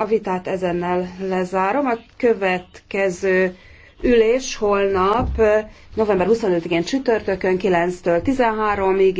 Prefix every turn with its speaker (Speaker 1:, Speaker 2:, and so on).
Speaker 1: A vitát ezennel lezárom. A következő ülés holnap, november 25-én csütörtökön 9-től 13-ig,